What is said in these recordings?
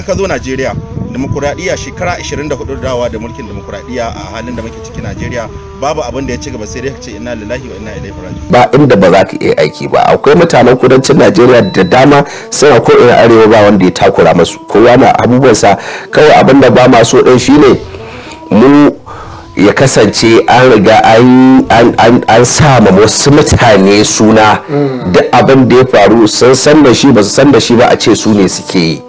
idan ka zo najeriya demokuraɗiyya shekara 24 dawa da mulkin demokuraɗiyya a halin da muke ciki najeriya babu abin da ya ci gaba sai dai ce ina lillahi wa ina ilaihi raji'un ba inda ba za ka iya aiki ba akwai mutanen kudancin najeriya da dama suna ko ina arewa ba wanda ya takura masu kowa na abubuwansa kawai abin da ba maso ɗin shine mu ya kasance an riga an sama wasu mutane suna mm. duk abin da ya faru sun san da shi ba su san da shi ba a ce su ne suke yi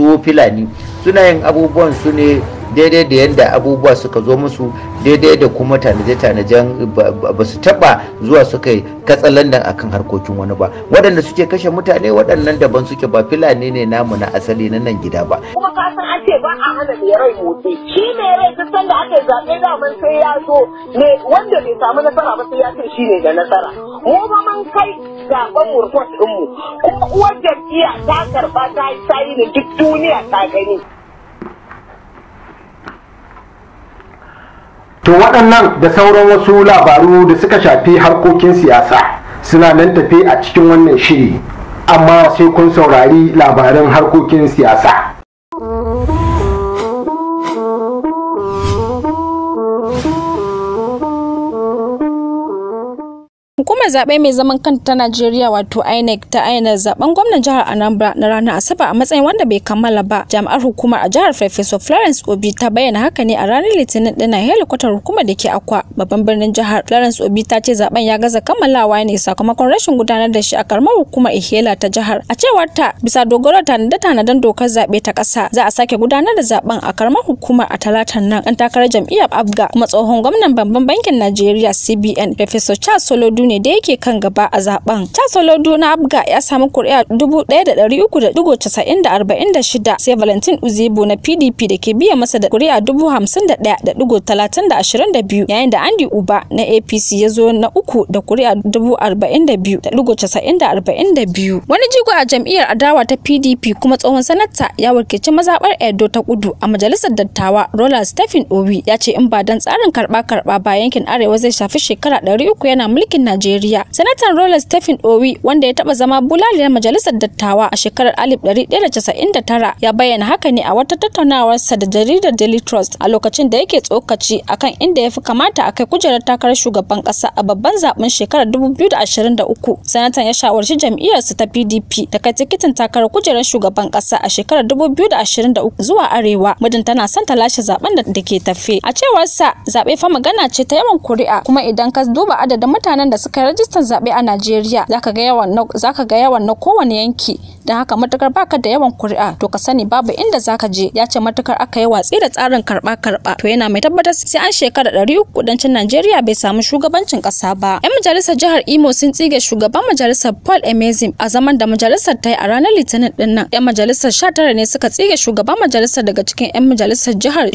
su filani suna yin abubuwan su ne daidai da yadda abubuwa suka zo musu daidai da kuma tanaje-tanajen ba su taba zuwa suka yi katsalandan akan harkokin wani ba waɗanda suke kashe mutane waɗannan daban suke ba filani ne namu na asali na nan gida ba ce ba a hana mai rai motsi shi mai rai duk sanda aka zaɓe daman sai ya so ne wanda bai samu nasara ba sai ya ce shi ne da nasara mu ba mun kai zaɓen murfot ɗinmu kuma uwar jam'iyya ta karɓa ta yi sayi da duk duniya ta gani. To waɗannan da sauran wasu labaru da suka shafi harkokin siyasa suna nan tafe a cikin wannan shiri amma sai kun saurari labarin harkokin siyasa. Hukumar zaɓe mai zaman kanta ta Najeriya wato INEC ta ayyana zaben gwamnan jihar Anambra na ranar Asabar a matsayin wanda bai kammala ba. Jami'ar hukumar a jihar Farfesa Florence Obi ta bayyana haka ne a ranar Litinin ɗin a helikwatar hukumar da ke Akwa babban birnin jihar. Florence Obi ta ce zaben ya gaza kammalawa ne sakamakon rashin gudanar da shi a karamar hukumar Ihela ta jihar. A cewar ta bisa dogaro tanada tanadan dokar zaɓe ta ƙasa za a sake gudanar da zaben a karamar hukumar a talatan nan. Ɗan takarar jam'iyyar Abga kuma tsohon gwamnan babban bankin Najeriya CBN Farfesa Charles Solo ne da yake kan gaba a zaben. Chancellor na Abga ya samu kuri'a 1,300,946 sai Valentin Uzebo na PDP da ke biya masa da kuri'a 51,322 yayin da Andy Uba na APC ya zo na uku da kuri'a 42,942. Wani jigo a jam'iyyar adawa ta PDP kuma tsohon sanata ya wakilci mazaɓar Edo ta kudu a majalisar dattawa Roland Stephen Obi ya ce in ba don tsarin karɓa-karɓa ba yankin arewa zai shafi shekara 300 yana mulkin Najeriya. Najeriya. Sanatan Rollins Stephen Owi wanda ya taba zama bulaliyar majalisar dattawa a shekarar 1999 ya bayyana haka ne a wata tattaunawarsa da jaridar Daily Trust a lokacin da yake tsokaci akan inda ya fi kamata a kai kujerar takarar shugaban kasa a babban zaben shekarar 2023. Sanatan ya shawarci jam'iyyar jam'iyyarsa ta PDP ta kai tikitin takarar kujerar shugaban kasa a shekarar 2023 zuwa arewa mudin tana son ta lashe zaben da ke tafe. A cewarsa zaɓe fa magana ce ta yawan kuri'a kuma idan ka duba adadin mutanen da suka rajistar zaɓe a Najeriya zaka ga yawan na ga yawan na kowane yanki don haka matukar baka da yawan kuri'a to ka sani babu inda zaka je ya ce matukar aka yi watsi da tsarin karba karba to yana mai tabbatar sai an shekara ɗari uku kudancin Najeriya bai samu shugabancin ƙasa ba. 'Yan majalisar jihar Imo sun tsige shugaban majalisar Paul Emezim a zaman da majalisar ta yi a ranar Litinin din nan. 'Yan majalisar sha tara ne suka tsige shugaban majalisar daga cikin 'yan majalisar jihar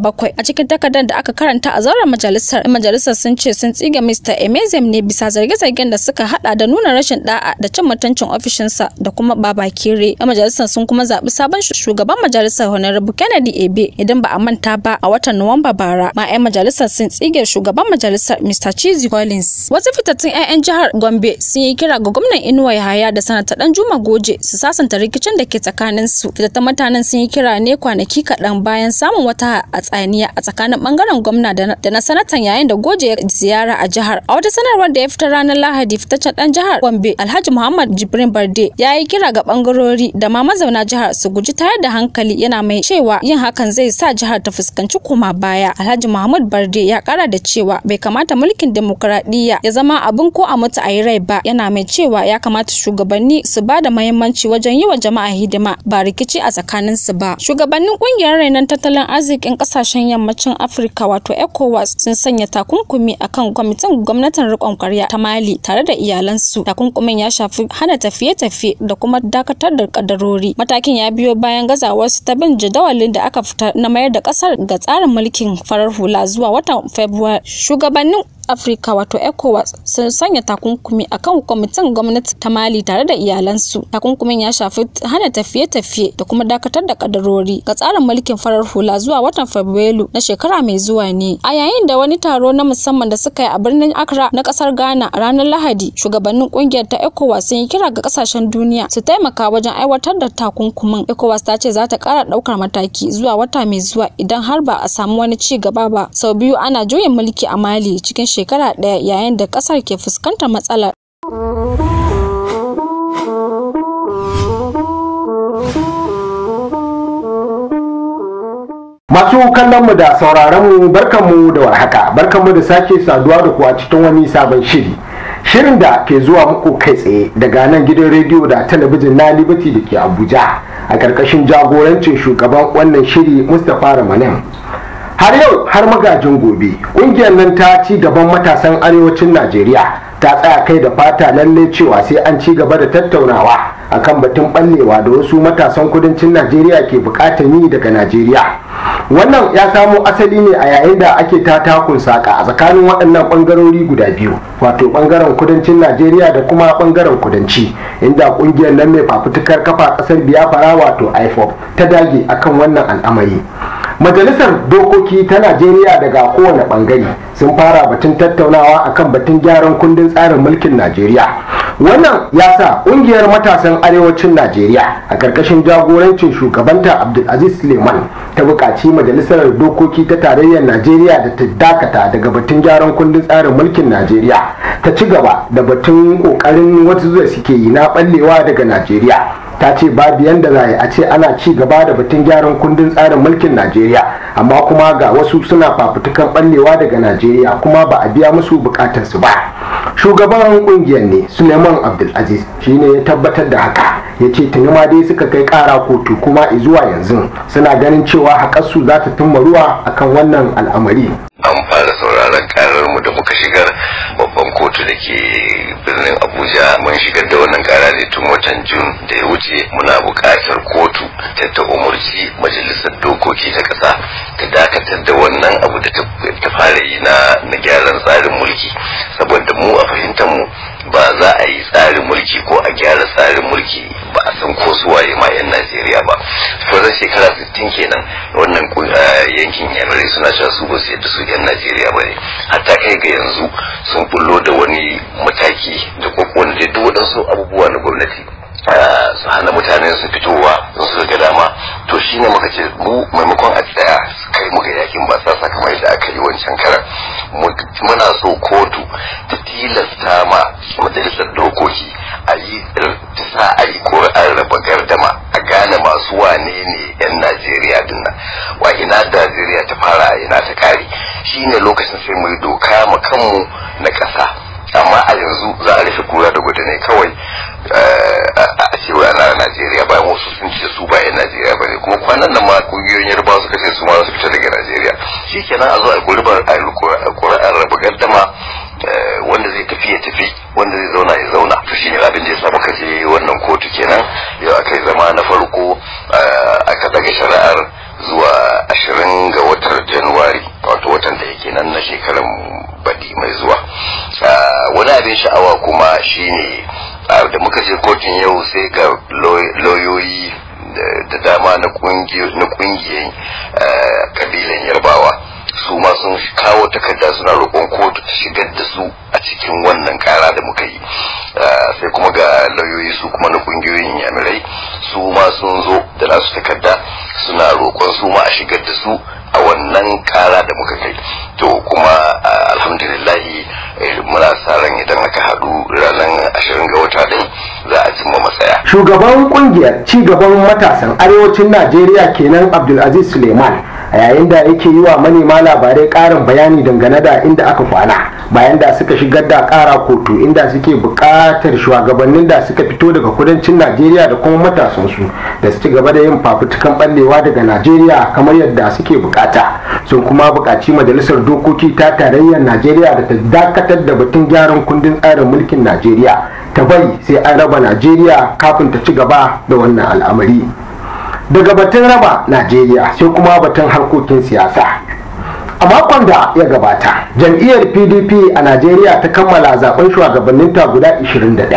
bakwai. a cikin takardar da aka karanta a zauren majalisar. 'Yan majalisar sun ce sun tsige Mr. Emezim ne bisa zargi zarge-zargen da suka hada da nuna rashin da'a da cin mutuncin ofishinsa da kuma baba kere a majalisar sun kuma zaɓi sabon shugaban majalisar honorable kennedy ebe idan ba a manta ba a watan nuwamba bara ma 'yan majalisar sun tsige shugaban majalisar mr chizi collins wasu fitattun 'ya'yan jihar gombe sun yi kira ga gwamnan inuwa yahaya da sanata dan juma goje su sasanta rikicin da ke tsakanin su fitattun mutanen sun yi kira ne kwanaki kaɗan bayan samun wata a tsaniya a tsakanin bangaren gwamna da na sanatan yayin da goje ziyara a jihar a wata sanarwar da ya fitar ranar Lahadi fitaccen dan jihar Gombe Alhaji Muhammad Jibrin Barde ya yi kira ga bangarori da ma mazauna jihar su guji tayar da hankali yana mai cewa yin hakan zai sa jihar ta fuskanci koma baya. Alhaji Muhammad Barde ya kara da cewa bai kamata mulkin demokuraɗiyya ya zama abin ko a mutu a yi rai ba yana mai cewa ya kamata shugabanni su ba da mahimmanci wajen yi wa jama'a hidima ba rikici a tsakanin su ba. Shugabannin kungiyar rainon tattalin arzikin kasashen yammacin Afirka wato ECOWAS sun sanya takunkumi akan kwamitin gwamnatin riƙon ƙarya ta Mali tare da iyalansu. Takunkumin ya shafi hana tafiye-tafiye da kuma dakatar da kadarori. Matakin ya biyo bayan gazawarsu ta bin jadawalin da aka fitar na mayar da kasar ga tsarin mulkin farar hula zuwa watan Fabrairu. Shugabannin afirka wato ecowas sun sanya takunkumi akan kwamitin gwamnati ta mali tare da iyalansu takunkumin ya shafi hana tafiye-tafiye da kuma dakatar da kadarori ga tsarin mulkin farar hula zuwa watan fabrairu na shekara mai zuwa ne a yayin da wani taro na musamman da suka yi a birnin accra na kasar ghana ranar lahadi shugabannin kungiyar ta ecowas sun yi kira ga kasashen duniya su taimaka wajen aiwatar da takunkumin ecowas ta ce za ta kara daukar mataki zuwa wata mai zuwa idan har ba a samu wani ci gaba ba sau biyu ana juyin mulki a mali cikin shekara ɗaya yayin da ƙasar ke fuskantar matsalar Masu kallon mu da sauraronmu mu barkanmu da warhaka, barkanmu da sake saduwa da kuwa cikin wani sabon shiri. Shirin da ke zuwa muku kai tsaye daga nan gidan rediyo da talabijin na Liberty da ke Abuja a ƙarƙashin jagorancin shugaban wannan shiri Mustapha ramanin har yau har magajin gobe ƙungiyar nan ta ci gaban matasan arewacin najeriya ta tsaya kai da fata lalle cewa sai an ci gaba da tattaunawa akan batun ɓallewa da wasu matasan kudancin najeriya ke bukatan yi daga najeriya wannan ya samo asali ne a yayin da ake ta takun saka a tsakanin waɗannan ɓangarori guda biyu wato ɓangaren kudancin najeriya da kuma ɓangaren kudanci inda ƙungiyar nan mai fafutukar kafa ƙasar biyafara wato ifop ta dage akan wannan al'amari majalisar dokoki ta najeriya daga kowane bangare sun fara batun tattaunawa a kan batun gyaran kundin tsarin mulkin najeriya wannan ya sa ƙungiyar matasan arewacin najeriya a ƙarƙashin jagorancin shugabanta abdulaziz suleiman ta buƙaci majalisar dokoki ta tarayyar najeriya da ta dakata daga batun gyaran kundin tsarin mulkin najeriya ta ci gaba da batun ƙoƙarin wasu da suke yi na ɓallewa daga najeriya ta ce babu yanda za a ce ana ci gaba da batun gyaran kundin tsarin mulkin najeriya amma kuma ga wasu suna fafutukan ɓallewa daga najeriya kuma ba a biya musu bukatarsu ba shugaban kungiyar ne suleiman abdulaziz ne ya tabbatar da haka ya ce tuni ma dai suka kai kara kotu kuma izuwa yanzu suna ganin cewa haƙarsu za ta tumma ruwa akan wannan al'amari an fara sauraron karar mu da muka shigar kotu da ke birnin abuja mun shigar da wannan kara ne tun watan jun da ya wuce muna buƙatar kotu ta ta umarci majalisar dokoki ta ƙasa ta dakatar da wannan abu da ta fara yi na gyaran tsarin mulki saboda mu a fahimtar mu ba za a yi tsarin mulki ko a gyara tsarin mulki sun ko ma yan Najeriya ba to da shekara 60 kenan wannan eh, yankin yanare suna cewa su ba su yadda su yan Najeriya ba ne hatta kai ga yanzu sun bullo da wani mataki da kokon da duk waɗansu abubuwa na gwamnati su hana mutane sun fitowa sun su ga dama to shi ne muka ce mu maimakon a tsaya kai muka yakin ba sa kamar yadda aka yi wancan kara muna so kotu ta tilasta ma majalisar dokoki a yi ta sa a yi ƙuri'ar raba gardama a gane masu wane ne 'yan najeriya dinnan wa ina najeriya ta fara ina ta kare shi ne lokacin sai mu yi doka mu kanmu na ƙasa amma a yanzu za a rufe kura da gudu ne kawai eh, a cewa na najeriya bayan wasu sun ce su ba yan najeriya ba ne kuma kwanan nan ma kungiyoyin yarbawa suka ce su ma su fita daga najeriya shi kenan a zo a gurbar a kura'ar raba gardama eh, wanda zai tafi ya tafi wanda zai zauna ya zauna to ne abin da ya samu kaje wannan kotu kenan yau aka yi zama na farko eh, aka daga shari'ar zuwa ashirin ga watan januwari wato watan da yake nan na shekaran abin sha'awa kuma shine da muka je kotun yau sai ga lauyoyi da dama na kungiyar kabilan yarbawa su ma sun kawo takarda suna roƙon kotu ta shigar da su a cikin wannan kara da muka yi sai kuma ga lauyoyi su kuma na kungiyoyin yamirai su ma sun zo da nasu takarda suna roƙon su ma a shigar da su a wannan kara da muka kai to kuma alhamdulillahi eh, muna sa ran idan aka haɗu ranar ashirin ga wata din za a cimma matsaya shugaban kungiyar gaban matasan arewacin najeriya kenan abdulaziz suleiman a yayin da yake yi wa manema labarai ƙarin bayani dangane da inda aka kwana bayan da suka shigar da ƙara kotu inda suke buƙatar shugabannin da suka fito daga kudancin najeriya da kuma matasansu da su ci gaba da yin fafutukan ɓallewa daga najeriya kamar yadda suke buƙata sun kuma bukaci majalisar dokoki ta tarayyar najeriya da ta dakatar da batun gyaran kundin tsarin mulkin najeriya ta bai sai an raba najeriya kafin ta ci gaba da wannan al'amari daga batun raba najeriya sai kuma batun harkokin siyasa a makon da ya gabata jam'iyyar pdp a najeriya ta kammala zaben shugabanninta guda 21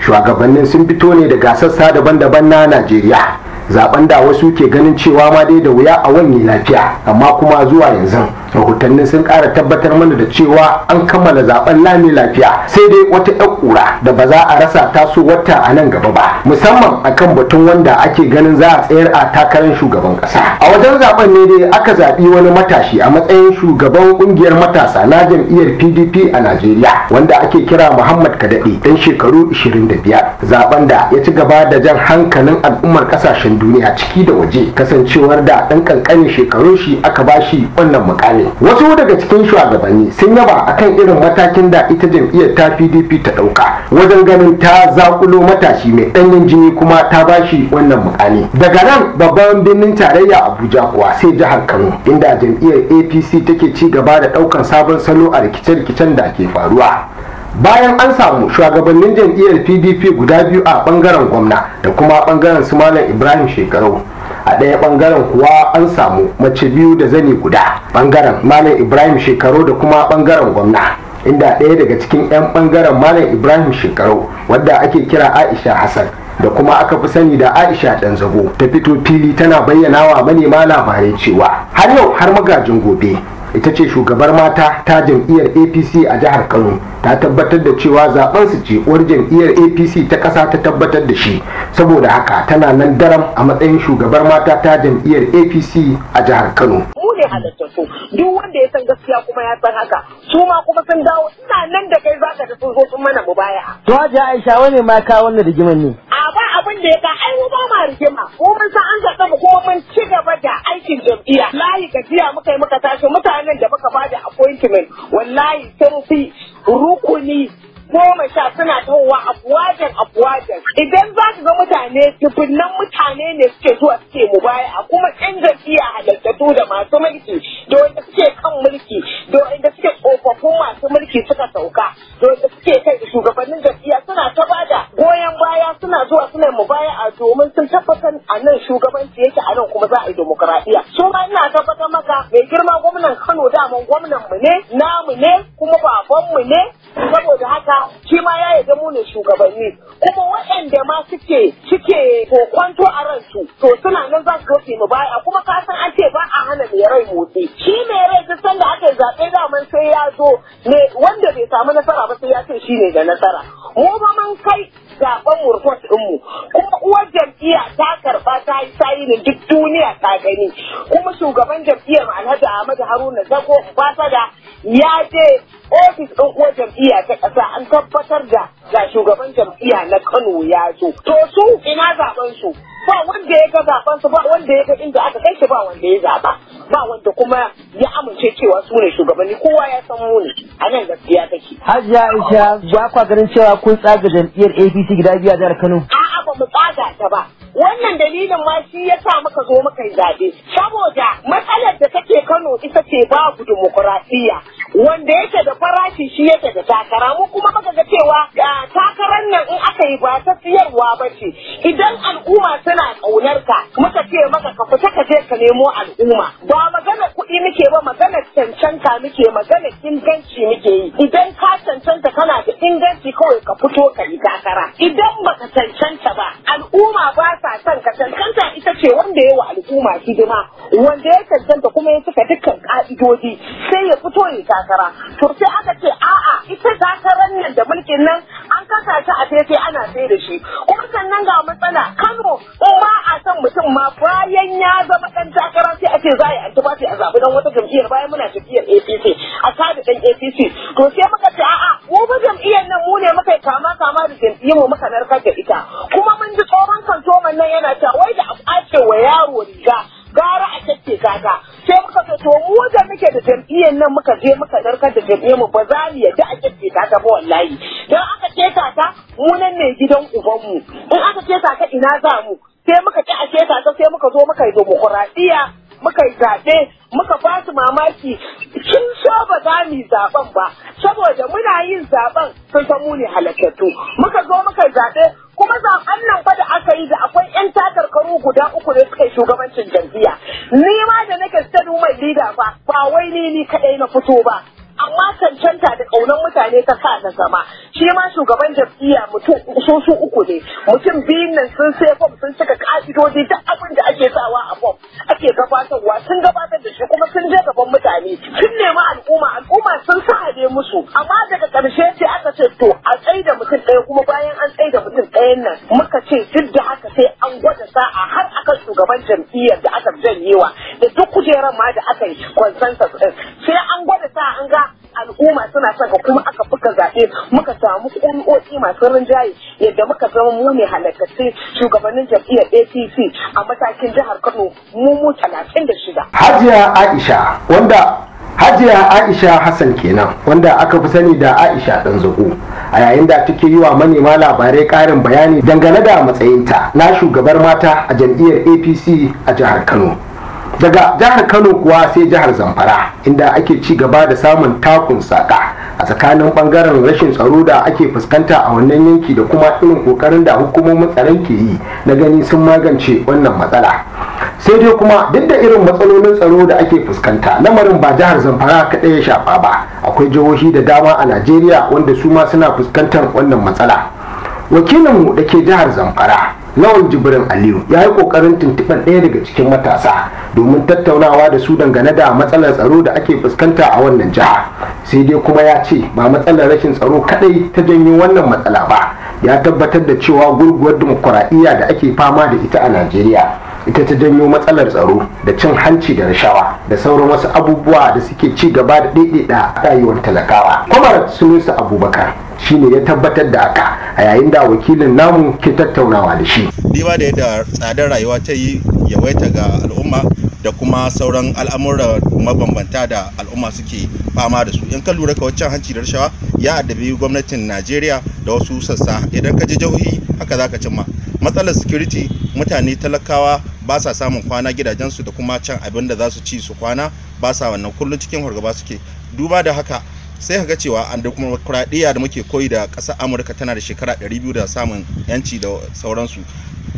shugabannin sun fito ne daga sassa daban-daban na najeriya zaben da wasu ke ganin cewa ma dai da wuya a wani lafiya amma kuma zuwa yanzu rahotanni sun ƙara tabbatar mana da cewa an kammala zaben lami lafiya sai dai wata 'yan kura da ba za a rasa taso wata a nan gaba ba musamman akan batun wanda ake ganin za a tsayar a takarar shugaban ƙasa a wajen zaben ne dai aka zaɓi wani matashi a matsayin shugaban ƙungiyar matasa na jam'iyyar pdp a najeriya wanda ake kira muhammad kadaɗe dan shekaru 25 zaben da ya ci gaba da jan hankalin al'ummar ƙasashen duniya ciki da waje kasancewar da ɗan kankanin shekarun shi aka ba shi wannan mukami wasu daga cikin shugabanni sun yaba a kan irin matakin da ita jam'iyyar ta pdp ta ɗauka wajen ganin ta zakulo matashi mai ɗanyen jini kuma ta bashi wannan mukami daga nan babban birnin tarayya abuja kuwa sai jihar kano inda jam'iyyar apc take ci gaba da ɗaukan sabon salo a rikice-rikicen da ke faruwa bayan an samu shugabannin jam'iyyar pdp guda biyu a bangaren gwamna da kuma bangaren su malam ibrahim shekaru. a ɗaya ɓangaren kuwa an samu mace biyu da zani guda ɓangaren malam ibrahim shekaru da kuma ɓangaren gwamna inda ɗaya daga cikin 'yan ɓangaren malam ibrahim shekaru wadda ake kira aisha hassan da kuma aka fi sani da aisha dan zago ta fito fili tana bayyana wa manema labarai cewa har yau har magajin gobe ita ce shugabar mata ta jam'iyyar apc a jihar kano ta tabbatar da cewa zaben su ce uwar jam'iyyar apc ta ƙasa ta tabbatar da shi saboda haka tana nan daram a matsayin shugabar mata ta jam'iyyar apc a jihar kano halatta su duk wanda ya san gaskiya kuma ya san haka su ma kuma sun dawo ina nan da kai zaka da sun zo sun mana mubaya to aje Aisha wane ma ka wannan rigiman ne a ba abin da ya ka ai mu ba ma rigima ko mun san an zaɓa mu ko mun ci gaba da aikin jam'iyya layi gajiya muka yi muka tashi mutanen da muka bada appointment wallahi sun fi rukuni goma sha suna tahowa a buwajen idan za su ga mutane tukunnan mutane ne suke zuwa suke mu baya a kuma yan jam'iyya halittattu da masu mulki da wanda suke kan mulki da wanda suke tsofaffin masu mulki suka sauka da wanda suke kai shugabannin jam'iyya suna ta bada goyon baya suna zuwa suna mu baya a domin sun tabbatar a nan shugabanci yake a nan kuma za a yi demokuraɗiyya su ma ina tabbatar maka mai girma gwamnan Kano daman gwamnan mu ne namu ne kuma baban mu ne saboda haka shi ma ya yarda mu ne shugabanni kuma waɗanda ma suke suke kwanto a ransu to suna nan za su zo mu baya kuma ka san an ce ba a hana mai rai motsi shi mai rai duk sanda aka yi zaɓe daman sai ya zo ne wanda bai samu nasara ba sai ya ce shi ne da nasara mu ba mun kai zaben report ɗinmu kuma uwar jam'iyya ta karɓa ta yi ne duk duniya ta gani kuma shugaban jam'iyyar alhaji ahmadu haruna zago da ya je ofis ɗin uwar jam'iyya ta ƙasa an tabbatar da ga shugaban jam'iyya na kano ya zo to su ina zaɓen su ba wanda ya ga su ba wanda ya ga inda aka kai shi ba wanda ya zaba ba wanda kuma ya amince cewa su ne shugabanni kowa ya san mu ne a nan gaskiya take hajiya aisha ba kwa ganin cewa kun tsaga jam'iyyar apc gida biya jihar kano ba mu tsaga ta ba wannan dalilin ma shi ya sa muka zo muka yi zaɓe saboda matsalar da take Kano ita ce babu dimokuraɗiyya wanda yake da farashi shi yake da takara mu kuma muka ga cewa takarar nan in aka yi ba ta siyarwa ba ce idan al'umma suna ƙaunar ka muka ce maka ka fita ka je ka nemo al'umma ba magana kuɗi muke ba magana cancanta muke magana inganci muke yi idan ka cancanta kana da inganci kawai ka fito ka yi takara idan hidima wanda ya cancanta kuma ya cika dukkan ƙa'idodi, sai ya fito ya takara to sai aka ce a'a ita takarar nan da mulkin nan an kasa shi a sai ana sai da shi kuma sannan ga matsala Kano ba a san mutum ma bayan ya zama dan takara sai a ce za a yi antibati a zabi dan wata jam'iyyar bayan muna tafiyar APC a sadu dan APC to sai muka ce a'a mu ba jam'iyyar nan mu ne muka kama kama da jam'iyyar mu muka je muka darkar da jami'a mu da kaunar mutane ta sa na zama shi ma shugaban jam'iyya mutum su su uku ne mutum biyun nan sun sai fom sun cika ka'idodi duk abin da ake sawa a fom ake gabatarwa sun gabatar da shi kuma sun je gaban mutane sun nemi al'umma al'umma sun sa sahade musu amma daga ƙarshe sai aka ce to a tsaye da mutum ɗaya kuma bayan an tsaye da mutum ɗayan nan muka ce duk da haka sai an gwada sa'a har a kan shugaban jam'iyyar da aka janyewa da duk kujerar ma da aka yi consensus sai an gwada sa an ga al'umma suna son ka kuma aka fuka zaɓe muka samu MOE masu rinjaye yadda muka zama mu ne halakasai shugabannin jam'iyyar APC a matakin jihar Kano mu mu talatin da shida. Hajiya Aisha wanda Hajiya Aisha Hassan kenan wanda aka fi sani da Aisha ɗan zago a yayin da take yi wa manema labarai ƙarin bayani dangane da matsayinta na shugabar mata a jam'iyyar APC a jihar Kano. daga jihar kano kuwa sai jihar zamfara inda ake ci gaba da samun takun saƙa a tsakanin bangaren rashin tsaro da ake fuskanta a wannan yanki da kuma irin kokarin da hukumomin tsaron ke yi na gani sun magance wannan matsala sai dai kuma duk da irin matsalolin tsaro da ake fuskanta lamarin ba jihar zamfara kaɗai ya shafa ba akwai jihohi da dama a najeriya wanda su ma suna fuskantar wannan matsala wakilinmu da ke jihar zamfara Lawan jibrin aliyu ya yi kokarin tuntuɓar ɗaya daga cikin matasa domin tattaunawa da su dangane da matsalar tsaro da ake fuskanta a wannan jiha sai dai kuma ya ce ba matsalar rashin tsaro kadai ta janyo wannan matsala ba ya tabbatar da cewa gurguwar dimokuraɗiyya da ake fama da ita a najeriya ita ta janyo matsalar tsaro da cin hanci da rashawa da sauran wasu abubuwa da suke ci gaba da ɗaiɗaɗa rayuwar talakawa Sun sunusa abubakar shine ya tabbatar da haka a yayin da wakilin namu ke tattaunawa da shi diba da yadda tsadar rayuwa ta yi yawaita ga al'umma da kuma sauran al'amuran mabambanta da al'umma suke fama da su in ka lura ka wancan hanci da rashawa ya addabi gwamnatin najeriya da wasu sassa idan ka je jihohi haka zaka cimma matsalar security mutane talakawa ba sa samun kwana gidajensu da kuma can abin da za su ci su kwana ba sa wannan kullum cikin hargaba suke duba da haka sai ka ga cewa an demokuraɗiyya da muke koyi da ƙasar amurka tana da shekara 200 da samun yanci da sauransu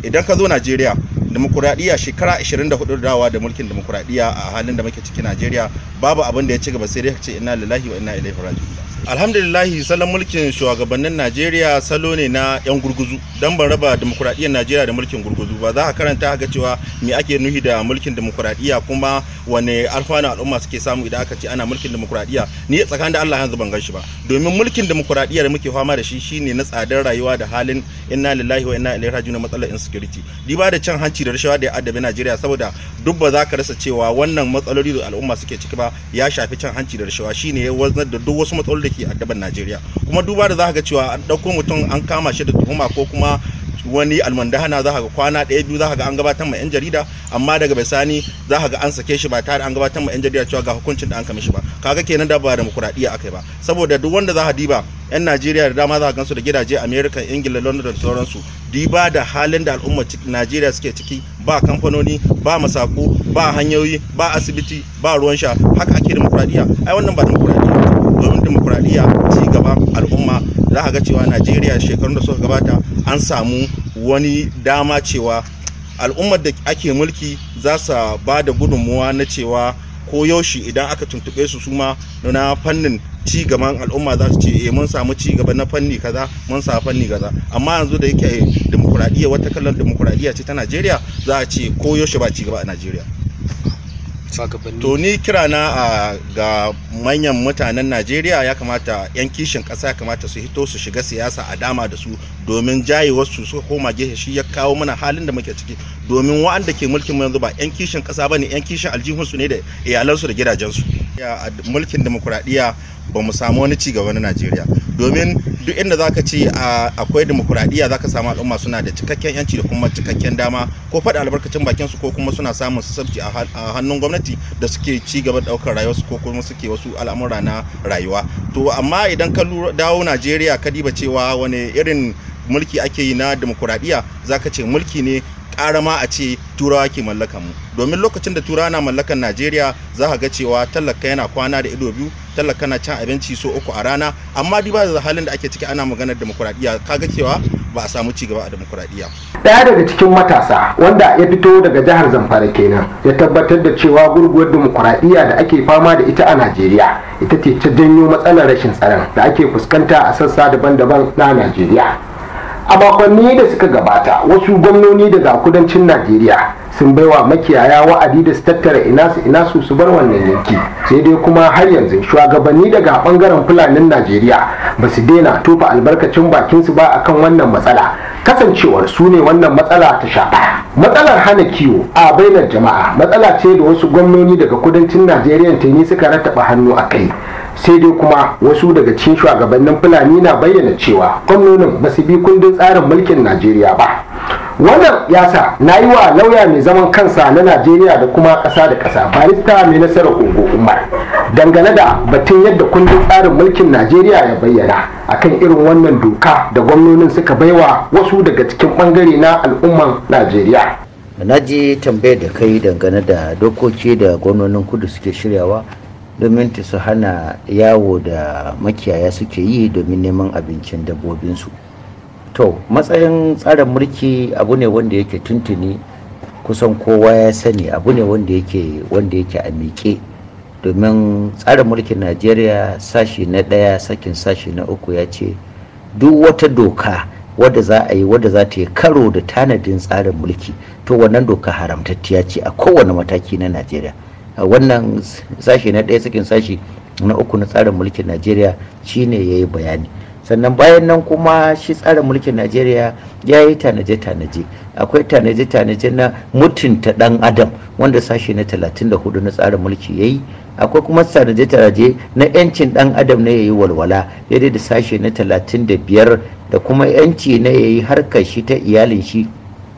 idan ka zo najeriya demokuraɗiyya shekara 24 dawa da mulkin demokuraɗiyya a halin da muke ciki najeriya babu abin da ya ci gaba sai dai ce inna lillahi wa inna ilaihi raji'un alhamdulillahi salon mulkin shugabannin najeriya salo ne na yan gurguzu don ban raba demokuraɗiyyar najeriya da mulkin gurguzu ba za ka karanta ga cewa me ake nuhi da mulkin demokuraɗiyya kuma wane alfanu al'umma suke samu idan aka ce ana mulkin demokuraɗiyya ni tsakanin da allah yanzu ban gan shi ba domin mulkin demokuraɗiyya muke fama da shi shine na tsadar rayuwa da halin inna lillahi wa inna ilaihi raji'un matsalar insecurity riba da cin hanci da rashawa da ya adabi Najeriya saboda duk ba za ka rasa cewa wannan matsaloli da al'umma suke ciki ba ya shafi cin hanci da rashawa shine ya waznar da duk wasu matsaloli da ke addaban Najeriya kuma duba da za ka cewa an ɗauko mutum an kama shi da tuhuma ko kuma wani almandahana za ga kwana ɗaya biyu za ga an gabatar ma 'yan jarida amma daga bisani za ga an sake shi ba tare an gabatar ma 'yan jarida cewa ga hukuncin da an kame shi ba kaga kenan da ba da mukuraɗiya akai ba saboda duk wanda za diba 'yan najeriya da dama za gansu da gidaje america ingila london da sauransu diba da halin da al'ummar najeriya suke ciki ba kamfanoni ba masako, ba hanyoyi ba asibiti ba ruwan sha haka ake demokradiya ai wannan ba demokuraɗiyya domin demokradiya ci gaba al'umma za ka ga cewa najeriya shekarun da suka gabata an samu wani dama cewa al'ummar da ake mulki za su ba da gudunmuwa na cewa ko yaushe idan aka tuntube su su ma na fannin ci gaban al'umma za su ce eh mun samu ci gaba na fanni kaza mun samu fanni kaza amma yanzu da yake eh, demokuraɗiyya wata kallon demokuraɗiyya ce ta Najeriya za a ce ko yaushe ba ci gaba a Najeriya to ni kira na ga manyan mutanen najeriya ya kamata yan kishin kasa ya kamata su hito su shiga siyasa a dama da su domin jaye wasu suka koma gehe shi ya kawo mana halin da muke ciki domin wa'anda ke mulkin yanzu ba yan kishin kasa ba yan kishin aljihunsu ne da iyalansu da gidajensu a mulkin demokuraɗiyya ba mu samu wani ci gaba na najeriya domin duk inda zaka ce akwai demokuraɗiyya zaka samu al'umma suna da cikakken yanci da kuma cikakken dama ko faɗa albarkacin bakin su ko kuma suna samun sassabci a hannun gwamnati da suke ci gaba ɗaukar rayuwarsu ko kuma suke wasu al'amura na rayuwa to amma idan ka dawo najeriya ka diba cewa wani irin mulki ake yi na demokuraɗiyya za ka ce mulki ne ƙara ma a ce turawa ke mallakan mu domin lokacin da turawa na mallakan najeriya za ka ga cewa tallaka yana kwana da ido biyu tallaka na cin abinci so uku a rana amma duba da halin da ake ciki ana maganar demokuraɗiyya kaga cewa ba a samu cigaba a demokuraɗiyya. Daya daga cikin matasa wanda ya fito daga jihar Zamfara kenan ya tabbatar da cewa gurguwar demokuraɗiyya da ake fama da ita a Najeriya ita ce ta janyo matsalar rashin tsaron da ake fuskanta a sassa daban-daban na Najeriya. a makonni da suka gabata wasu gwamnoni daga kudancin najeriya sun baiwa makiyaya wa'adi da su tattara ina su su bar wannan yanki sai dai kuma har yanzu shugabanni daga bangaren fulanin najeriya ba su daina tofa albarkacin bakinsu ba akan wannan matsala kasancewar su ne wannan matsala ta shafa matsalar hana kiwo a bainar jama'a matsala ce da wasu gwamnoni daga kudancin najeriya ta yi suka rattaba hannu a kai sai dai kuma wasu daga cikin shugabannin fulani na bayyana cewa gwamnonin ba su bi kundin tsarin mulkin najeriya ba wannan yasa na yi wa lauya mai zaman kansa na najeriya da kuma ƙasa da ƙasa barista mai nasarar ogo umar dangane da batun yadda kundin tsarin mulkin najeriya ya bayyana a kan irin wannan doka da gwamnonin suka baiwa wasu daga cikin bangare na al'umman najeriya na ji tambayar da kai dangane da dokoki da gwamnonin kudu suke shiryawa domin ta su hana yawo da makiyaya suke yi domin neman abincin dabbobinsu to matsayin tsarin mulki abu ne wanda yake tuntuni kusan kowa ya sani abu ne wanda yake wanda yake a miƙe domin tsarin mulkin najeriya sashi na ɗaya sakin sashi na uku ya ce duk wata doka wadda za a yi wadda za ta yi karo da tanadin tsarin mulki to wannan doka haramtacciya ce a kowane mataki na najeriya wannan sashe na ɗaya sakin sashi na uku na tsarin mulkin najeriya shine ya yi bayani sannan bayan nan kuma shi tsarin mulkin najeriya ya yi tanaje-tanaje akwai tanaje-tanaje na mutunta dan adam wanda sashe na 34 na tsarin mulki ya yi akwai kuma tanaje-tanaje na yancin ɗan adam na yayi walwala daidai da sashe na 35 da kuma yanci na yayi harkar shi ta iyalin shi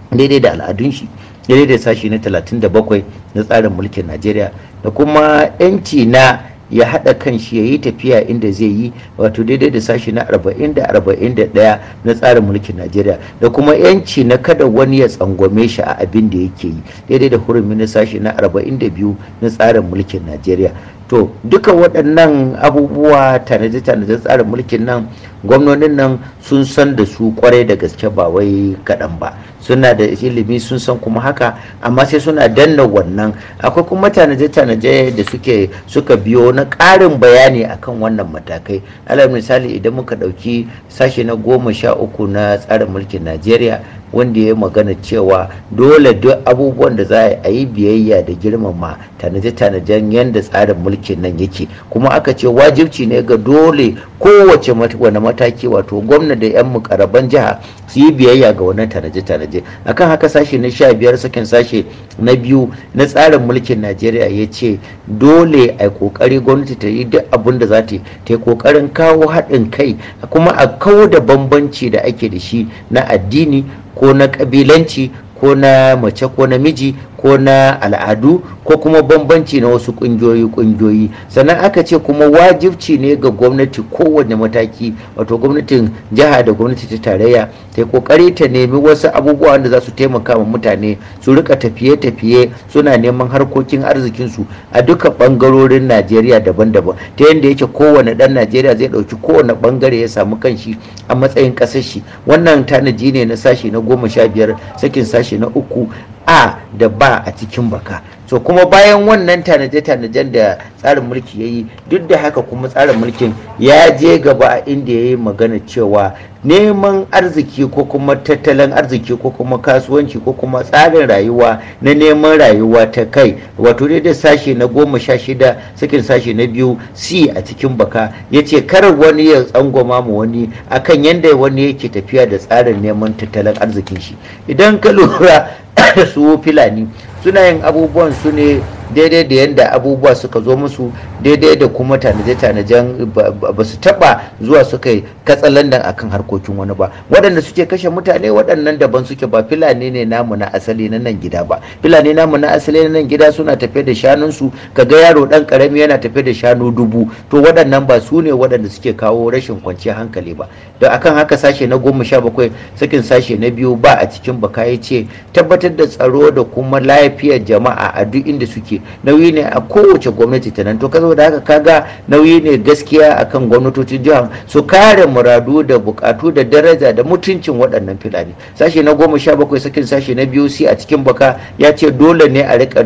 daidai da al'adun shi daidai da sashi na 37 na tsarin mulkin najeriya da kuma 'yanci na ya haɗa kan shi ya yi tafiya inda zai yi wato daidai da sashi na 40 41 na tsarin mulkin najeriya da kuma yanci na kada wani ya tsangwame shi a abin da yake yi daidai da hurumi na sashi na 42 na tsarin mulkin najeriya to duka waɗannan abubuwa tanaje-tanaje tsarin mulkin nan gwamnonin nan sun san da su kwarai da gaske ba wai kaɗan ba suna da ilimi sun san kuma haka amma sai suna danna wannan akwai kuma tanaje-tanaje da suke suka biyo na ƙarin bayani akan wannan matakai alal misali idan muka ɗauki sashe na goma sha uku na tsarin mulkin najeriya wanda ya magana cewa dole duk abubuwan da za a yi biyayya da girmama tanaje-tanajen yadda tsarin mulkin nan yake kuma aka ce wajibci ne ga dole kowace wani mataki wato gwamna da 'yan mukaraban jiha su yi biyayya ga wannan tanaje-tanaje akan haka sashe na sha biyar sakin sashe na biyu na tsarin mulkin najeriya ya ce dole a kokari gwamnati ta yi duk abin da za ta yi kokarin kawo haɗin kai kuma a kawo da bambanci da ake da shi na addini ko na ƙabilanci ko na mace ko namiji ko na al'adu ko kuma bambanci na wasu kungiyoyi-kungiyoyi sannan aka ce kuma wajibci ne ga gwamnati kowane mataki wato gwamnatin jiha da gwamnati ta tarayya ta yi kokari ta nemi wasu abubuwa da za su taimaka wa mutane su rika tafiye-tafiye suna neman harkokin arzikinsu a duka bangarorin najeriya daban-daban ta yadda yake kowane dan najeriya zai ɗauki kowane bangare ya samu kanshi a matsayin ƙasar wannan tanaji ne na sashi na goma sha biyar sakin sashi na uku a da ba a cikin baka so kuma bayan wannan tanaje-tanajen da tsarin mulki ya yi duk da haka kuma tsarin mulkin ya je gaba a inda ya yi magana cewa neman arziki ko kuma tattalin arziki ko kuma kasuwanci ko kuma tsarin rayuwa na neman rayuwa ta kai wato dai da sashe na goma sha shida sakin sashe na biyu c a cikin baka ya ce karar wani ya tsangwama mu wani akan yadda wani yake tafiya da tsarin neman tattalin arzikin shi idan ka lura da su fulani suna yin abubuwan su ne daidai da yadda abubuwa suka zo musu daidai da kuma tanaje-tanajen ba su taba zuwa suka yi katsalandan akan harkokin wani ba waɗanda suke kashe mutane waɗannan daban suke ba filani ne namu na asali na nan gida ba filani namu na asali na nan gida suna tafe da shanunsu kaga yaro ɗan ƙarami yana tafe da shanu dubu to waɗannan ba su ne waɗanda suke kawo rashin kwanciyar hankali ba don akan haka sashe na goma sha bakwai sakin sashe na biyu ba a cikin baka ya ce tabbatar da tsaro da kuma lafiyar jama'a a duk inda suke nauyi ne a kowace gwamnati ta nan to kazo saboda haka kaga nauyi ne gaskiya akan gwamnatocin jihar su kare muradu da bukatu da daraja da mutuncin waɗannan filani sashe na goma sha bakwai sakin sashe na biyu si a cikin baka ya ce dole ne a rika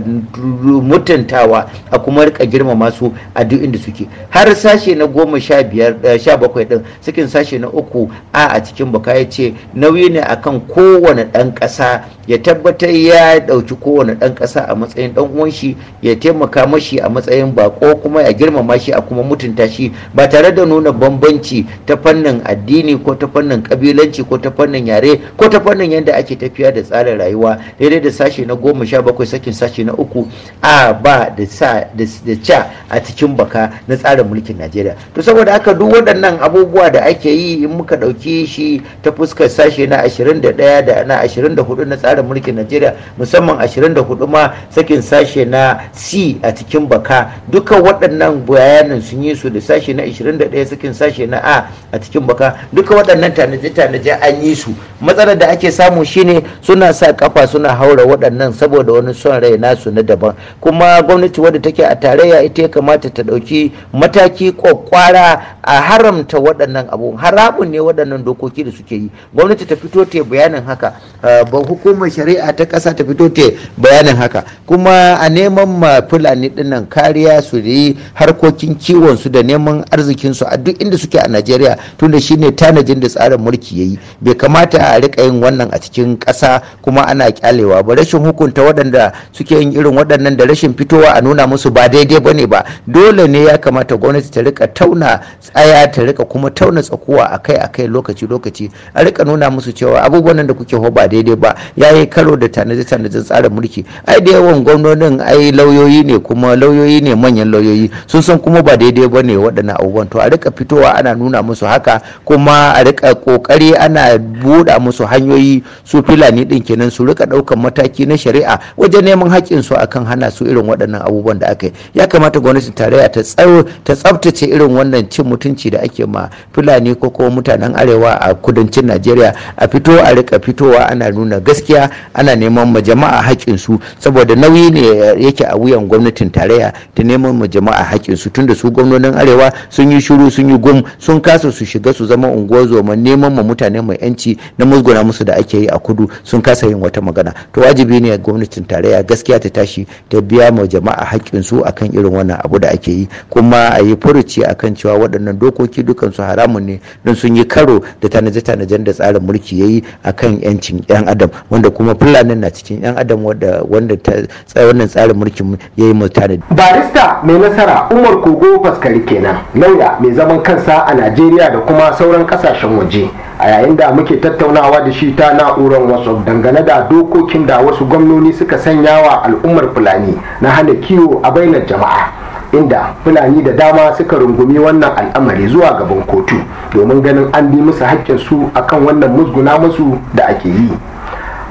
mutuntawa a kuma rika girmama su a duk inda suke har sashe na goma sha biyar eh, sha bakwai din sakin sashe na uku a a cikin baka ya ce nauyi ne akan kowane ɗan ƙasa ya tabbatar ya ɗauki kowane ɗan ƙasa a matsayin ɗan uwan shi ya taimaka mashi a matsayin bako kuma a girmama shi a kuma mutunta shi ba tare da nuna bambanci ta fannin addini ko ta fannin kabilanci ko ta fannin yare ko ta fannin yadda ake tafiya da tsarin rayuwa daidai da sashe na goma sha bakwai sakin sashe na uku a ba da sa da ca a cikin baka na tsarin mulkin najeriya to saboda haka duk waɗannan abubuwa da ake yi in muka ɗauki shi ta fuskar sashe na 21 da na 24 na tsarin mulkin najeriya musamman 24 ma sakin sashe na c a cikin baka duka waɗannan bayanin sun yi su da sashe na 21 sukin sashe na a a cikin baka duka waɗannan tanaje-tanaje an yi su matsalar da ake samu shine suna sa kafa suna haura waɗannan saboda wani son rai nasu na daban kuma gwamnati wadda take a tarayya ita ya kamata ta ɗauki mataki kwakwara a haramta waɗannan abu Haramun ne waɗannan dokoki da suke yi gwamnati ta fito ta bayanin haka ba hukumar shari'a ta ƙasa ta fito ta bayanin haka kuma a neman ma fulani ɗinnan kariya su yi harkokin kiwon su da neman arzikin su a duk inda suke a Najeriya tunda shine tanajin da tsarin mulki yayi bai kamata a rika yin wannan a cikin ƙasa kuma ana kyalewa ba rashin hukunta waɗanda suke yin irin waɗannan da rashin fitowa a nuna musu ba daidai bane ba dole ne ya kamata gwamnati ta rika tauna tsaya ta rika kuma tauna tsakuwa akai akai lokaci lokaci a rika nuna musu cewa abubuwan da kuke ho ba daidai ba yayi karo da tanaje tanajen tsarin mulki ai da yawan gwamnonin ai lauyoyi ne kuma lauyoyi ne manyan lauyoyi yi sun san kuma ba daidai ba ne waɗannan abubuwan to a rika fitowa ana nuna musu haka kuma a rika kokari ana buɗa musu hanyoyi su filani ɗin kenan su rika ɗaukan mataki na shari'a wajen neman haƙƙin su akan hana su irin waɗannan abubuwan da aka yi ya kamata gwamnatin tarayya ta tsaro ta tsaftace irin wannan cin mutunci da ake ma filani ko kuma mutanen arewa a kudancin najeriya a fito a rika fitowa ana nuna gaskiya ana neman ma jama'a haƙƙin su saboda nauyi ne yake a wuyan gwamnatin tarayya ta neman ma jama'a a haƙƙin su tunda su gwamnonin arewa sun yi shiru sun yi gum sun kasa su shiga su zama unguwar zoma neman ma mutane mai yanci na musguna musu da ake yi a kudu sun kasa yin wata magana to wajibi ne gwamnatin tarayya gaskiya ta tashi ta biya ma jama'a hakkin su akan irin wannan abu da ake yi kuma a yi furuci akan cewa waɗannan dokoki dukansu haramun ne don sun yi karo da tanaje-tanajen da tsarin mulki ya yi akan yancin 'yan adam wanda kuma fulanin na cikin 'yan adam wanda wannan tsarin mulkin ya yi mu barista mai nasara tara umar kogo faskari kenan lauya mai zaman kansa a najeriya da kuma sauran kasashen waje a yayin da muke tattaunawa da shi ta na'urar wasu dangane da dokokin da wasu gwamnoni suka sanya wa al'ummar fulani na hana kiwo a bainar jama'a inda fulani da dama suka rungumi wannan al'amari zuwa gaban kotu domin ganin an bi musu haƙƙinsu akan wannan musguna musu da ake yi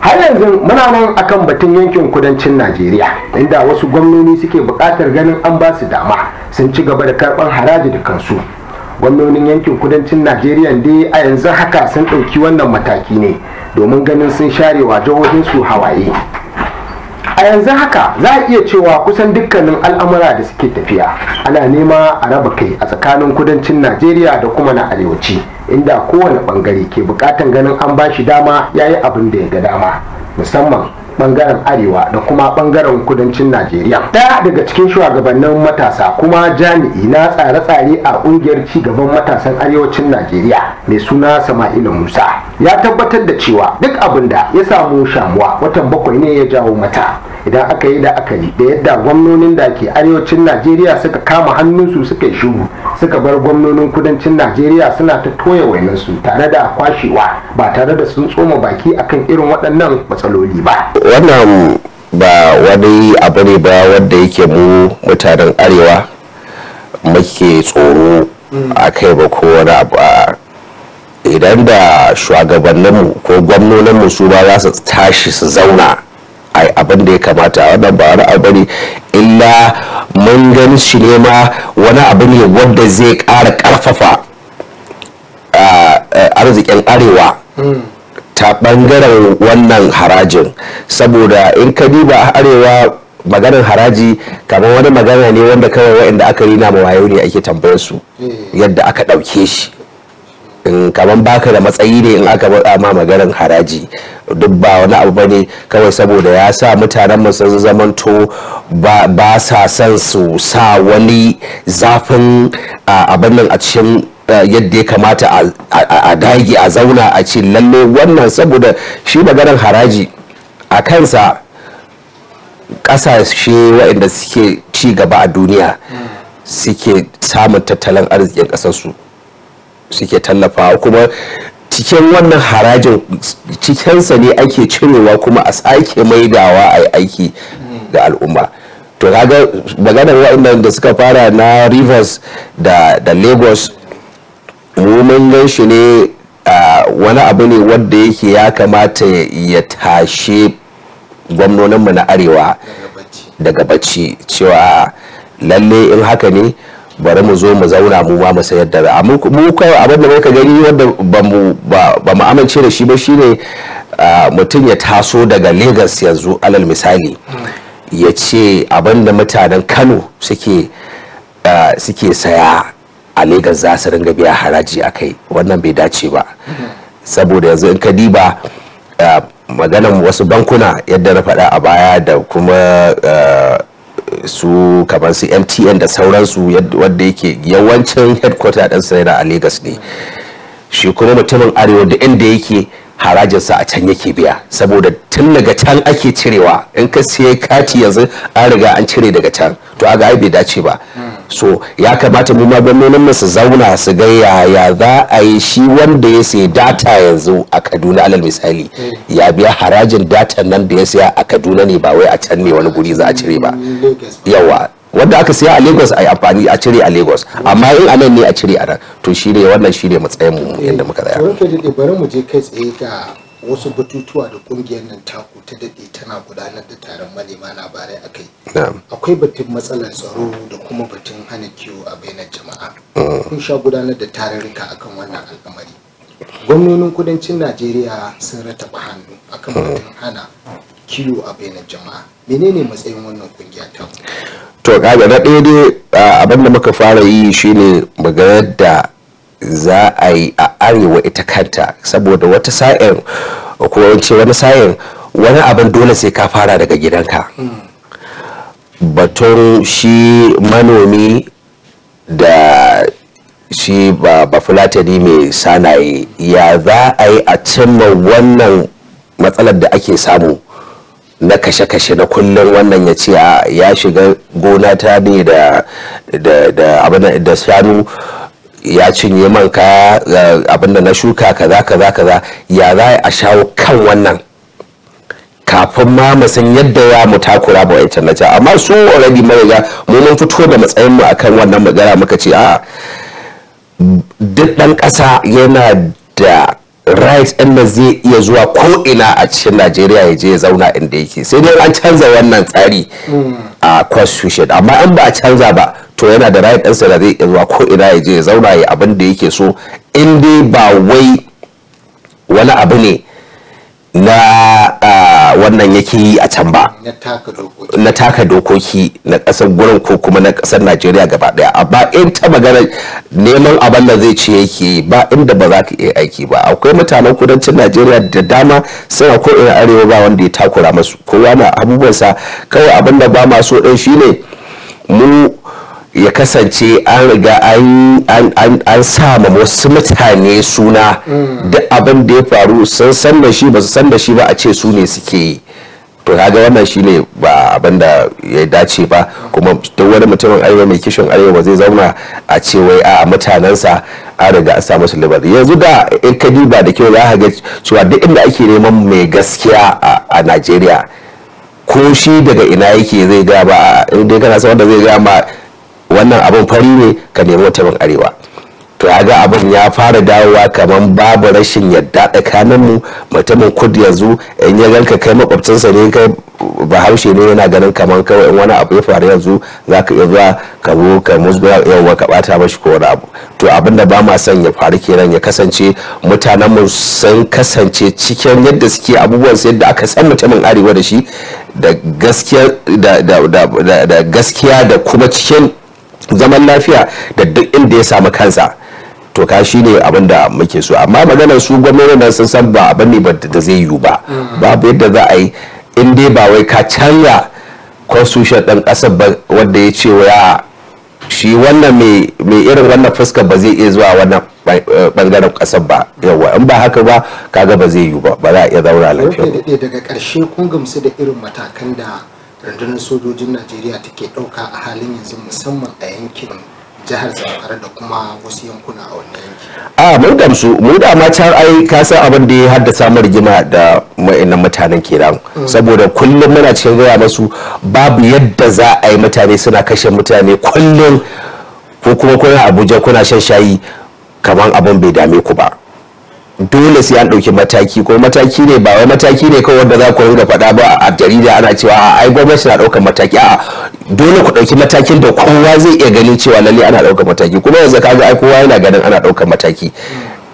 har yanzu muna nan akan batun yankin kudancin najeriya inda wasu gwamnoni suke buƙatar ganin an ba su dama sun ci gaba da karɓar haraji da kansu gwamnonin yankin kudancin najeriya da a yanzu haka sun ɗauki wannan mataki ne domin ganin sun sharewa jihohinsu hawaye a yanzu haka za a iya cewa kusan dukkanin al'amura da suke tafiya ana nema a raba kai a tsakanin kudancin najeriya da kuma na arewaci inda kowane bangare ke bukatan ganin an ba shi dama ya yi abin da ya ga dama musamman bangaren arewa da kuma bangaren kudancin najeriya daya daga cikin shugabannin matasa kuma jami'i na tsare-tsare a kungiyar cigaban matasan arewacin najeriya mai suna sama'ila musa ya tabbatar da cewa duk abin da ya samu shamuwa watan bakwai ne ya jawo mata idan aka yi da yi da yadda gwamnonin da ke arewacin najeriya suka kama hannunsu suka yi shiru suka bar gwamnonin kudancin najeriya suna ta toya wainansu tare da kwashewa ba tare da sun tsoma baki akan irin waɗannan matsaloli ba wannan ba wani abu ne ba wanda yake mu mutanen arewa muke tsoro a kai ba ko wani abu idan da shugabanninmu ko gwamnoninmu su ba za su tashi su zauna ai abin da ya kamata wannan ba wani abu illa mun gani shi ne ma wani abu ne wanda zai ƙara ƙarfafa arzikin arewa ta ɓangaren wannan harajin saboda in ka diba arewa maganin haraji kamar wani magana ne wanda kawai wa'inda aka yi na mawayo ne ake tambayar su hmm. yadda aka ɗauke shi kaman baka da matsayi ne in aka bada ma maganin haraji duk ba wani abu bane kawai saboda ya sa mutanen mu sun zamanto ba sa son su sa wani zafin abin nan a cikin yadda ya kamata a dage a zauna a ce lalle wannan saboda shi maganar haraji a kansa kasashe waɗanda suke ci gaba a duniya hmm. suke samun tattalin arzikin ƙasarsu suke tallafawa kuma cikin wannan harajin cikinsa ne ake cirewa kuma a sake maidawa a aiki ga al'umma to kaga maganar waɗannan da suka fara na rivers da, da lagos mun gan shi ne wani abu ne wanda yake ya kamata ya tashe gwamnoninmu na arewa daga bacci cewa lalle in haka ne bari mu zo mu zauna mu ma mu sayar da za mu kawai abin da muka gani wanda ba mu amince da shi ba shine mutum ya taso daga Legas yanzu alal misali ya ce mutanen Kano suke suke saya a Legas za su ringa biya haraji a kai wannan bai dace ba saboda yanzu in ka diba maganan wasu bankuna yadda na faɗa a baya da kuma su kamar su mtn da sauransu wadda yake yawancin headquarter ɗinsa yana a lagos ne shi kuma mutumin arewa da inda yake harajinsa a can yake biya saboda tun daga can ake cirewa in ka siya kati yanzu an riga an cire daga can to a aga ai bai dace ba so ya kamata mu ma gwamnonin su zauna su ga yaya za a yi shi wanda ya sayi data yanzu a Kaduna alal misali eh. ya biya harajin data nan da ya siya a Kaduna ne ba wai a can ne wani guri za a cire ba mm, yawa wanda aka siya a lagos a yi amfani a cire a lagos amma in a nan ne a cire a nan to shi ne wannan shi ne matsayin mu yadda muka tsaya bari mu je kai tsaye ga wasu batutuwa da kungiyar nan taku ta daɗe tana gudanar da taron manema labarai a kai akwai batun matsalar tsaro da kuma batun hana kiwo a bainar jama'a mm. kun sha gudanar da tarurruka akan wannan al'amari gwamnonin kudancin najeriya sun rataba hannu akan batun mm. hana kiwo a bainar jama'a menene matsayin wannan kungiya ta to kaga na ɗaya dai abin da muka fara yi shine ga yadda za a yi a arewa ita kanta saboda wata sa'in ko wani sa'in wani abin dole sai ka fara daga gidanka batun shi manomi da shi ba bafulatani mai sanaye ya za a yi a cimma wannan matsalar da ake samu na kashe-kashe na kullum wannan ya ce ya shiga gona ta ne da da shanu ya cinye man kaya abinda na shuka kaza kaza kaza ya za a shawo kan wannan kafin ma mu yadda ya mu takura ba wancan na amma su already mun mu mun fito da matsayin mu akan wannan magana muka ce a duk ɗan ƙasa yana da rights ɗin da zai iya zuwa ko ina a cikin najeriya ya je ya zauna inda yake sai dai an canza wannan tsari hmm. a constitution amma in ba a canza ba to yana da right ɗinsa da zai iya zuwa ko ina ya je ya zauna ya abin da yake so in dai ba wai wani abu ne na ah, wannan yake yi a can ba na taka dokoki na kasar gurin ko kuma na kasar najeriya gaba daya amma in ta magana neman abin da zai ce yake ba inda ba za ka iya aiki ba akwai mutanen kudancin najeriya da dama suna ko ina arewa ba wanda ya takura masu kowa na abubuwansa kawai abin da ba masu ɗin shine mu ya kasance an riga an sa ma wasu mutane suna mm. duk abin da ya faru sun san da shi ba su san da shi ba a ce su ne suke yi to kaga wannan shine ba abin da ya dace ba kuma duk wani mutumin arewa mai kishin arewa zai zauna a ce wai a mutanensa an riga an sa musu libar yanzu da in ka diba da kyau za ka ga cewa duk inda ake neman mai gaskiya a najeriya ko shi daga ina yake zai ga ba in dai kana san wanda zai ga ma wannan abin fari ne ka nemi min arewa to ya ga abin ya fara dawowa kamar babu rashin yadda tsakanin mu mutumin kudu yanzu in ya ganka kai makwabcinsa ne kai bahaushe ne yana ganin kamar kawai in wani abu ya faru yanzu za ka iya zuwa ka zo ka musgura yau ka bata mashi ko wani abu to abin da ba ma son ya faru kenan ya kasance mutanen mu sun kasance cikin yadda suke abubuwan su yadda aka san mutumin arewa da shi da da gaskiya da kuma cikin zaman lafiya da duk inda ya samu kansa to ka shi ne abin da muke so amma maganar su gwamnati nan sun san ba abin ne da zai yiwu ba babu yadda za a yi in dai ba wai ka canza constitution ɗan ƙasar ba wanda ya ce wa shi wannan mai irin wannan fuskar ba zai iya zuwa wannan bangaren eh, ƙasar ba yawa in ba haka ba kaga ba zai yiwu ba ba za a iya zaura lafiya daga karshe kun gamsu da irin matakan da rundunar sojojin najeriya take ɗauka a halin yanzu musamman a yankin jihar zamfara da kuma wasu yankuna a wannan yanki a mun gamsu mun da ma can ai ka san abin da ya haddasa mu rigima da wayannan mutanen kenan mm. saboda kullum muna cikin gaya masu babu yadda za a yi mutane suna kashe mutane kullum ko kuma kuna abuja kuna shan shayi kamar abin bai dame ku ba dole sai an ɗauki mataki ko mataki ne ba wai mataki ne kawai wanda za ku da faɗa ba a jarida ana cewa a ai gwamnati na ɗaukar mataki a dole ku ɗauki matakin da kowa zai iya ganin cewa lalle ana ɗaukar mataki kuma yanzu ga ai kowa yana ganin ana ɗaukar mataki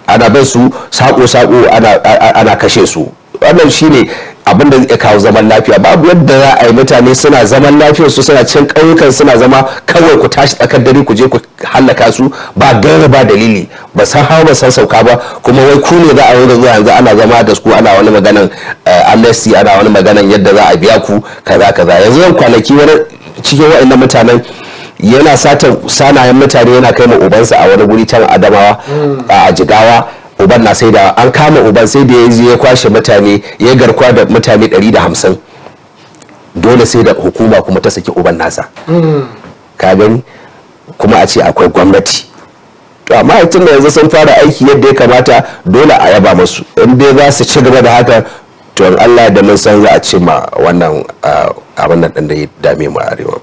ana bin su sako-sako ana kashe su wannan shine abin da zai kawo zaman lafiya babu yadda za a yi mutane suna zaman lafiya su suna cin ƙauyukan suna zama kawai ku tashi tsakar dare ku je ku hallaka su ba gaira ba dalili ba san hawa ba san sauka ba kuma wai ku ne za a yi zuwa yanzu ana zama da su ana wani maganan eh, amnesty ana wani maganan yadda za a biya ku kaza kaza yanzu yan kwanaki wani cikin wa'annan mutanen yana sata sanayen mutane yana kai ma ubansa a wani guri can adamawa hmm. a jigawa uban na sai da an kama uban sai da ya je ya kwashe mutane ya garkuwa da mutane 150 dole sai da hukuma kuma ta saki uban nasa ka gani kuma a ce akwai gwamnati to amma tun da yanzu sun fara aiki yadda ya kamata dole a yaba musu in dai za su ci gaba da haka to Allah da mun san za a ce ma wannan ah, abin nan din da ya dame mu arewa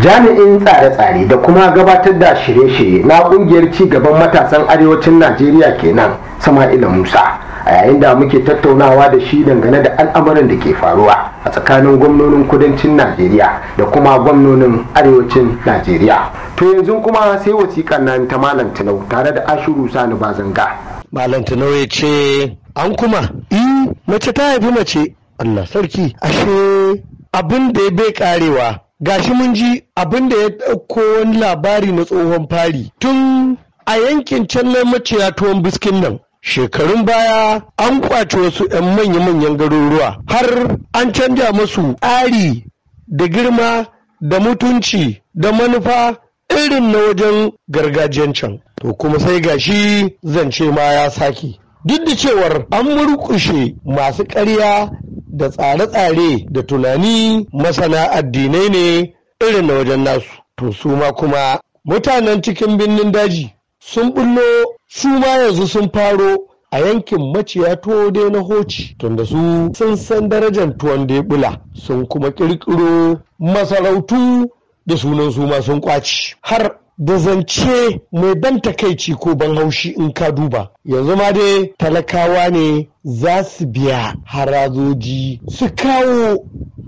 jami'in tsare-tsare da kuma gabatar da shirye-shirye na kungiyar ci gaban matasan arewacin Najeriya kenan sama'ila musa a yayin da muke tattaunawa da shi dangane da al'amuran da ke faruwa a tsakanin gwamnonin kudancin najeriya da kuma gwamnonin arewacin najeriya to yanzu kuma sai wasiƙar nan ta malam tinau tare da ashuru sani bazanga malam tinau ya ce an kuma i mace ta haifi mace allah sarki ashe abin da ya bai karewa gashi mun ji abin da ya ɗauko wani labari na tsohon fari tun a yankin can na ya tuwon biskin nan shekarun baya an kwace wasu 'yan manya-manyan garuruwa har an canja masu tsari da girma da mutunci da manufa irin na wajen gargajiyan to kuma sai gashi zance ma ya saki duk da cewar an murkushe masu ƙarya da tsare-tsare da tunani masana addinai ne irin na wajen nasu to su ma kuma mutanen cikin birnin daji sun bullo su ma yanzu sun faro a yankin maciya tuwonde na hoci tunda su sun san darajar tuwon debula sun kuma ƙirƙiro, masarautu da sunan su ma sun kwaci har da zance mai ban takaici ko ban haushi in ka duba yanzu ma dai talakawa ne za su biya harazoji su kawo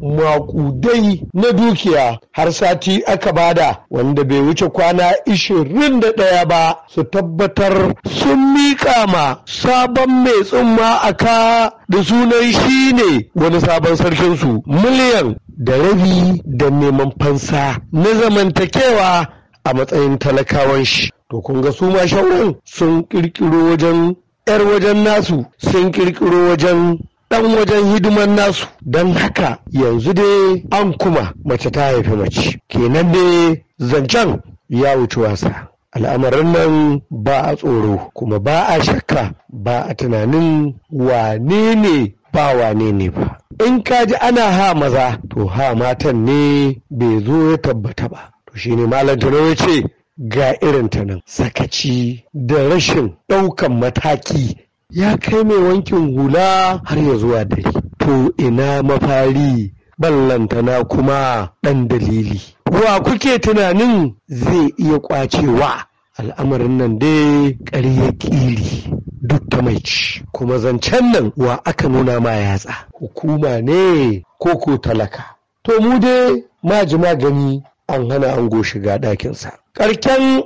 makudai na dukiya har sati aka bada wanda bai wuce kwana ishirin da 21 ba su tabbatar sun miƙa ma sabon mai tsumma a ka da sunan shi ne wani sabon sarkinsu miliyan da rabi da neman fansa na zamantakewa a matsayin talakawan shi to kun ga su ma shauran sun kirkiro wajen yar wajen nasu sun kirkiro wajen ɗan wajen hidiman nasu don haka yanzu dai an kuma mace ta haifi mace kenan dai zancen ya wuce wasa al'amarin nan ba a tsoro kuma ba a shakka ba a tunanin wane ne ba wane ne ba in ka ji ana ha maza to ha matan ne bai zo ya tabbata ba to shi ne Tano ya ce ga irin ta nan sakaci da rashin ɗaukan mataki ya kai mai wankin hula har ya zuwa dare to ina mafari ballantana kuma ɗan dalili wa kuke tunanin zai iya kwacewa al'amarin nan dai ya ƙiri duk ta mai ci kuma zancen nan wa aka nuna ma yatsa hukuma ne ko ko talaka to mu dai ma ji magani an hana ango shiga ɗakinsa ƙarken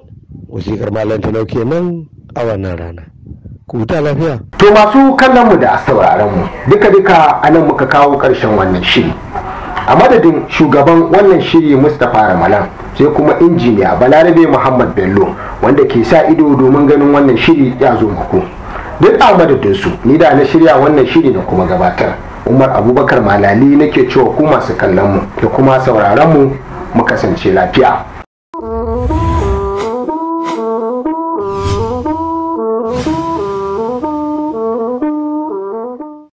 wasikar malam tanau kenan a wannan rana ku ta lafiya to masu kallon mu da sauraron mu duka duka anan muka kawo ƙarshen wannan shiri a madadin shugaban wannan shiri mustapha ramalan sai kuma injiniya balarabe muhammad bello wanda ke sa ido domin ganin wannan shiri ya zo muku duk a madadin su ni da na shirya wannan shiri da kuma gabatar umar abubakar malali nake cewa ku masu kallon mu da kuma sauraron mu mu kasance lafiya